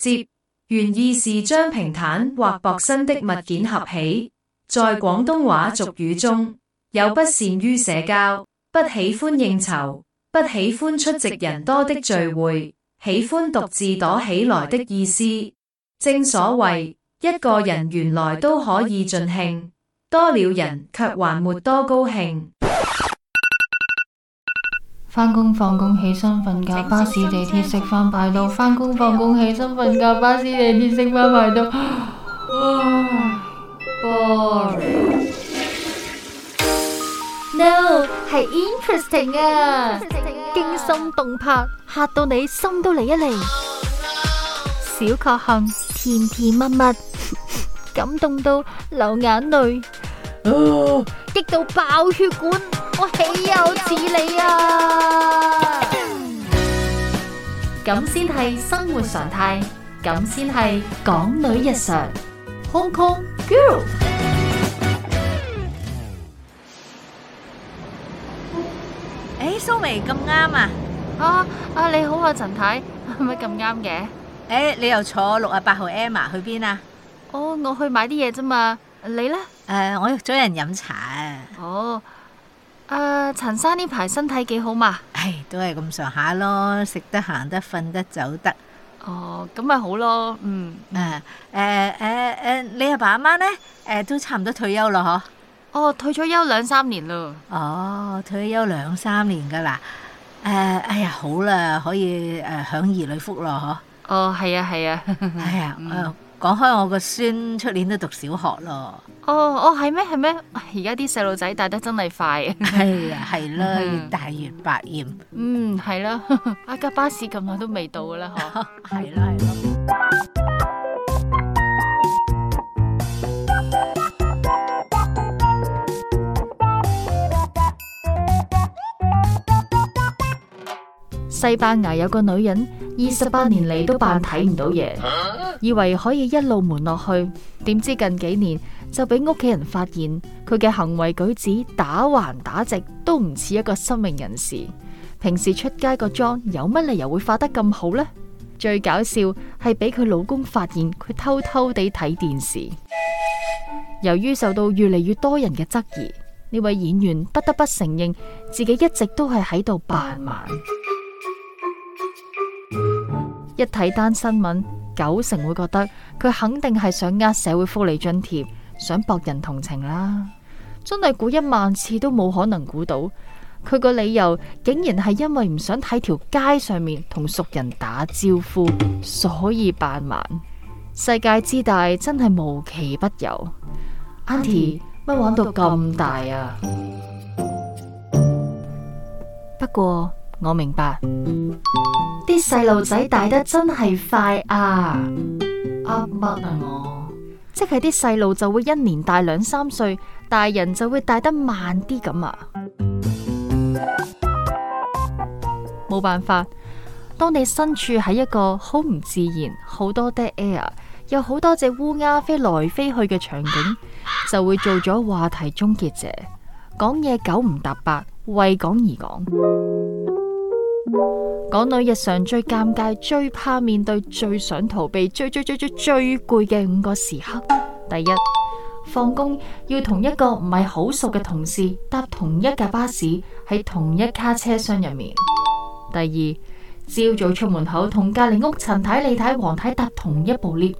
摺原意是將平坦或薄身的物件合起，在廣東話俗語中有不善於社交、不喜歡應酬、不喜歡出席人多的聚會、喜歡獨自躲起來的意思。正所謂一個人原來都可以盡興，多了人卻還沒多高興。翻工放工，起身瞓覺，巴士地鐵食飯排隊。翻工放工，起身瞓覺，巴士地鐵食飯排隊。啊，boring！No，係 interesting 啊，驚心動魄，嚇到你心都嚟一嚟。小確幸，甜甜蜜蜜，感動到流眼淚，啊，激到爆血管。我豈有此理啊！咁先係生活常態，咁先係港女日常。Hong Kong girl，誒，蘇眉咁啱啊！啊啊，你好啊，陳太，係咪咁啱嘅？誒，你又坐六啊八號 Emma 去邊啊？哦，我去買啲嘢，啫嘛。你咧？誒，我約咗人飲茶啊。哦。啊，陳、呃、生呢排身體幾好嘛？唉、哎，都係咁上下咯，食得行得瞓得走得。哦，咁咪好咯。嗯誒誒誒誒，你阿爸阿媽咧，誒都差唔多退休咯嗬？哦，退咗休兩三年咯。哦，退休兩三年噶啦誒，哎呀好啦，可以誒、呃、享兒女福咯嗬？哦，係啊係啊，係啊。 講開我孫，我個孫出年都讀小學咯。哦哦，係咩係咩？而家啲細路仔大得真係快。係 啊，係啦、啊，越大越百厭、嗯。嗯，係啦、啊。啊，架巴士咁耐都未到噶啦，嗬、 啊。係啦、啊，係啦、啊。西班牙有個女人，二十八年嚟都扮睇唔到嘢，以為可以一路瞞落去。點知近幾年就俾屋企人發現佢嘅行為舉止打橫打直都唔似一個失明人士。平時出街個妝有乜理由會化得咁好呢？最搞笑係俾佢老公發現佢偷偷地睇電視。由於受到越嚟越多人嘅質疑，呢位演員不得不承認自己一直都係喺度扮盲。一睇單新聞，九成會覺得佢肯定係想呃社會福利津貼，想博人同情啦。真係估一萬次都冇可能估到，佢個理由竟然係因為唔想喺條街上面同熟人打招呼，所以扮盲。世界之大，真係無奇不有。Auntie，乜玩到咁大啊？ 不過。我明白，啲細路仔大得真係快啊！阿乜啊我，即係啲細路就會一年大兩三歲，大人就會大得慢啲咁啊！冇 辦法，當你身處喺一個好唔自然、好多 dead air、有好多隻烏鴉飛來飛去嘅場景， 就會做咗話題終結者，講嘢九唔搭八，為講而講。港女日常最尷尬、最怕面對、最想逃避、最最最最最攰嘅五個時刻：第一，放工要同一個唔係好熟嘅同事搭同一架巴士，喺同一卡車廂入面；第二，朝早出門口同隔籬屋陳太、李太、黃太搭同一部 lift；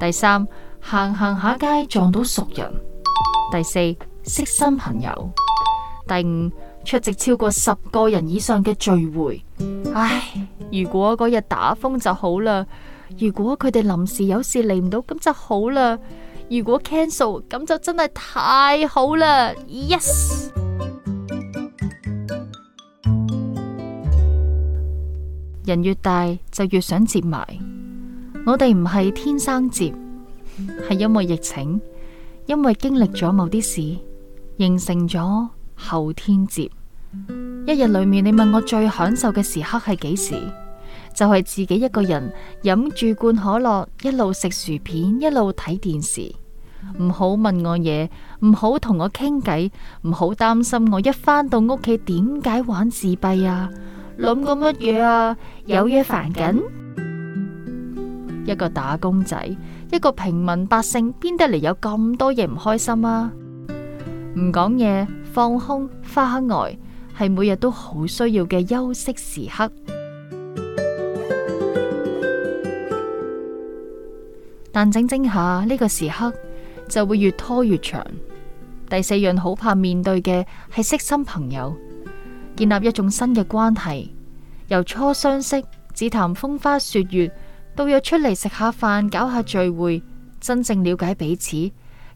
第三，行行下街撞到熟人；第四，識新朋友；第五，出席超過十個人以上嘅聚會，唉！如果嗰日打風就好啦，如果佢哋臨時有事嚟唔到咁就好啦，如果 cancel 咁就真係太好啦！Yes，人越大就越想摺埋，我哋唔係天生摺，係因為疫情，因為經歷咗某啲事，形成咗。後天接一日裏面，你問我最享受嘅時刻係幾時？就係自己一個人飲住罐可樂，一路食薯片，一路睇電視。唔好問我嘢，唔好同我傾偈，唔好擔心我。一返到屋企點解玩自閉啊？諗過乜嘢啊？有嘢煩緊？ 一個打工仔，一個平民百姓，邊得嚟有咁多嘢唔開心啊？唔講嘢。放空花呆，係每日都好需要嘅休息時刻，但整整下呢個時刻就會越拖越長。第四樣好怕面對嘅係識新朋友，建立一種新嘅關係，由初相識只談風花雪月，到約出嚟食下飯、搞下聚會，真正了解彼此。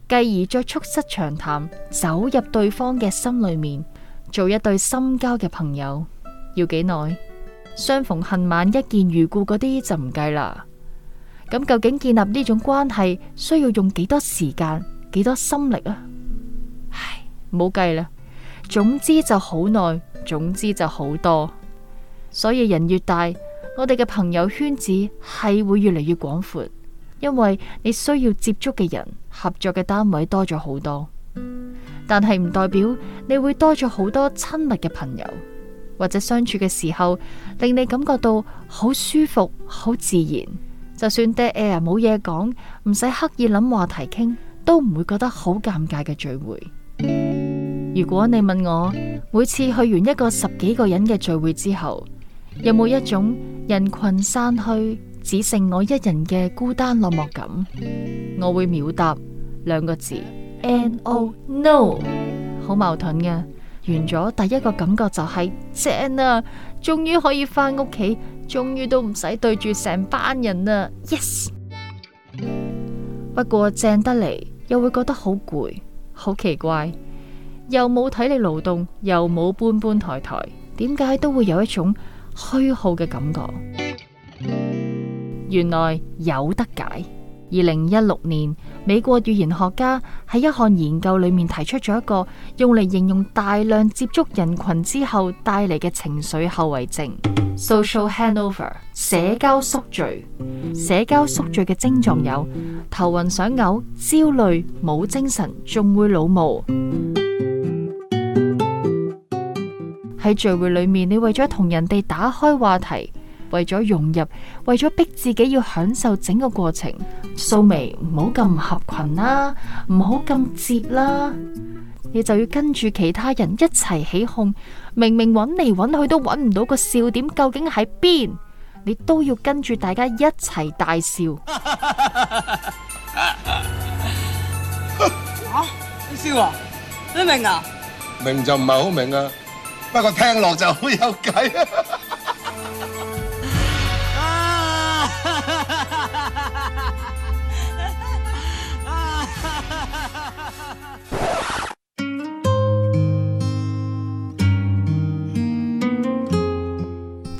繼而再促膝長談，走入對方嘅心裏面，做一對深交嘅朋友，要幾耐？相逢恨晚，一見如故嗰啲就唔計啦。咁究竟建立呢種關係需要用幾多時間、幾多心力啊？唉，唔好計啦。總之就好耐，總之就好多。所以人越大，我哋嘅朋友圈子係會越嚟越廣闊。因為你需要接觸嘅人、合作嘅單位多咗好多，但係唔代表你會多咗好多親密嘅朋友，或者相處嘅時候令你感覺到好舒服、好自然。就算 dead air 冇嘢講，唔使刻意諗話題傾，都唔會覺得好尷尬嘅聚會。如果你問我，每次去完一個十幾個人嘅聚會之後，有冇一種人群散去，只剩我一人嘅孤單落寞感，我會秒答兩個字：N O No，好矛盾嘅。完咗第一個感覺就係正啊，終於可以翻屋企，終於都唔使對住成班人啦。Yes，不過正得嚟又會覺得好攰，好奇怪，又冇體力勞動，又冇搬搬抬抬，點解都會有一種虛耗嘅感覺？原來有得解。二零一六年，美國語言學家喺一項研究裏面提出咗一個用嚟形容大量接觸人群之後帶嚟嘅情緒後遺症 ——social hangover，社交宿醉。社交宿醉嘅症狀有頭暈、想嘔、焦慮、冇精神，仲會老毛。喺聚會裏面，你為咗同人哋打開話題。為咗融入，為咗逼自己要享受整個過程，素眉唔好咁合群啦，唔好咁摺啦，你就要跟住其他人一齊起哄。明明揾嚟，揾去都揾唔到個笑點，究竟喺邊？你都要跟住大家一齊大笑。吓，你笑啊？你明啊？明就唔係好明啊，不過聽落就好有計。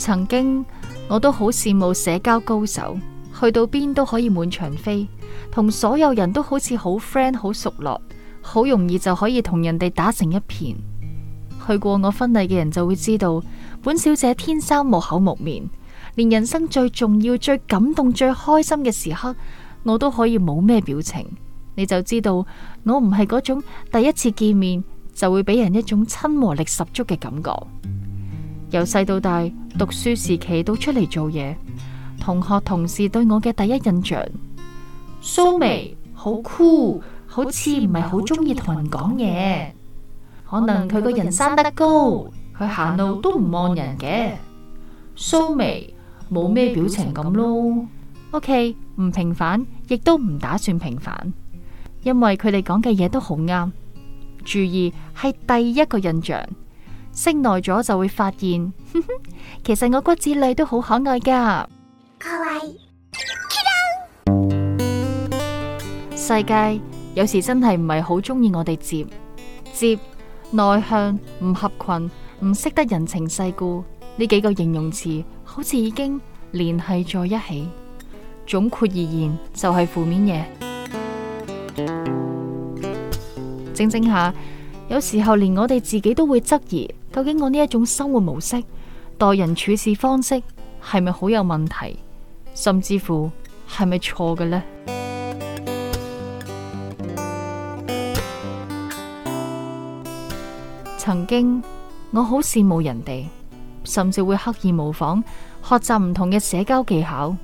曾經我都好羨慕社交高手，去到邊都可以滿場飛，同所有人都好似好 friend、好熟絡，好容易就可以同人哋打成一片。去過我婚禮嘅人就會知道，本小姐天生木口木面，連人生最重要、最感動、最開心嘅時刻，我都可以冇咩表情。你就知道我唔係嗰種第一次見面就會俾人一種親和力十足嘅感覺。由細到大，讀書時期都出嚟做嘢，同學同事對我嘅第一印象，蘇眉、so、好酷，好似唔係好中意同人講嘢。可能佢個人生得高，佢行路都唔望人嘅。蘇眉冇咩表情咁咯。OK，唔平凡，亦都唔打算平凡，因為佢哋講嘅嘢都好啱。注意，係第一個印象。識耐咗就會發現， 其實我骨子裏都好可愛噶。世界有時真係唔係好中意我哋，接接內向、唔合群、唔識得人情世故呢幾個形容詞，好似已經聯繫在一起。總括而言，就係、是、負面嘢。正正下，有時候連我哋自己都會質疑。究竟我呢一種生活模式、待人處事方式係咪好有問題，甚至乎係咪錯嘅呢？曾經我好羨慕人哋，甚至會刻意模仿、學習唔同嘅社交技巧，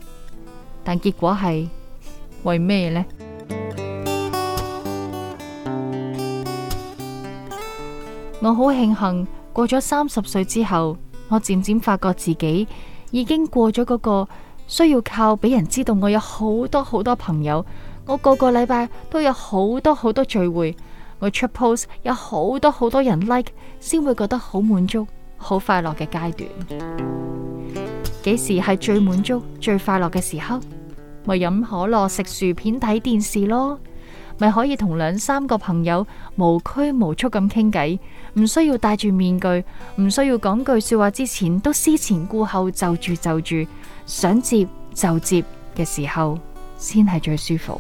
但結果係為咩呢？我好慶幸。過咗三十歲之後，我漸漸發覺自己已經過咗嗰個需要靠俾人知道我有好多好多朋友，我個個禮拜都有好多好多聚會，我出 post 有好多好多人 like，先會覺得好滿足、好快樂嘅階段。幾時係最滿足、最快樂嘅時候？咪飲可樂、食薯片、睇電視咯，咪可以同兩三個朋友無拘無束咁傾偈。唔需要戴住面具，唔需要講句說話之前都思前顧後，就住就住，想接就接嘅時候，先係最舒服。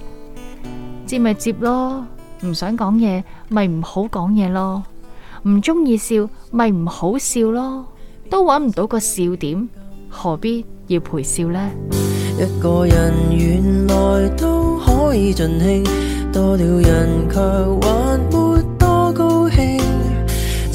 接咪接咯，唔想講嘢咪唔好講嘢咯，唔中意笑咪唔好笑咯，都揾唔到個笑點，何必要陪笑呢？一個人原來都可以盡興，多了人卻玩。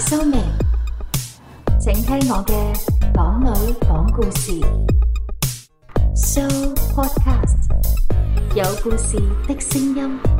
Soulmate，請聽我嘅港女講故事，Show Podcast 有故事的聲音。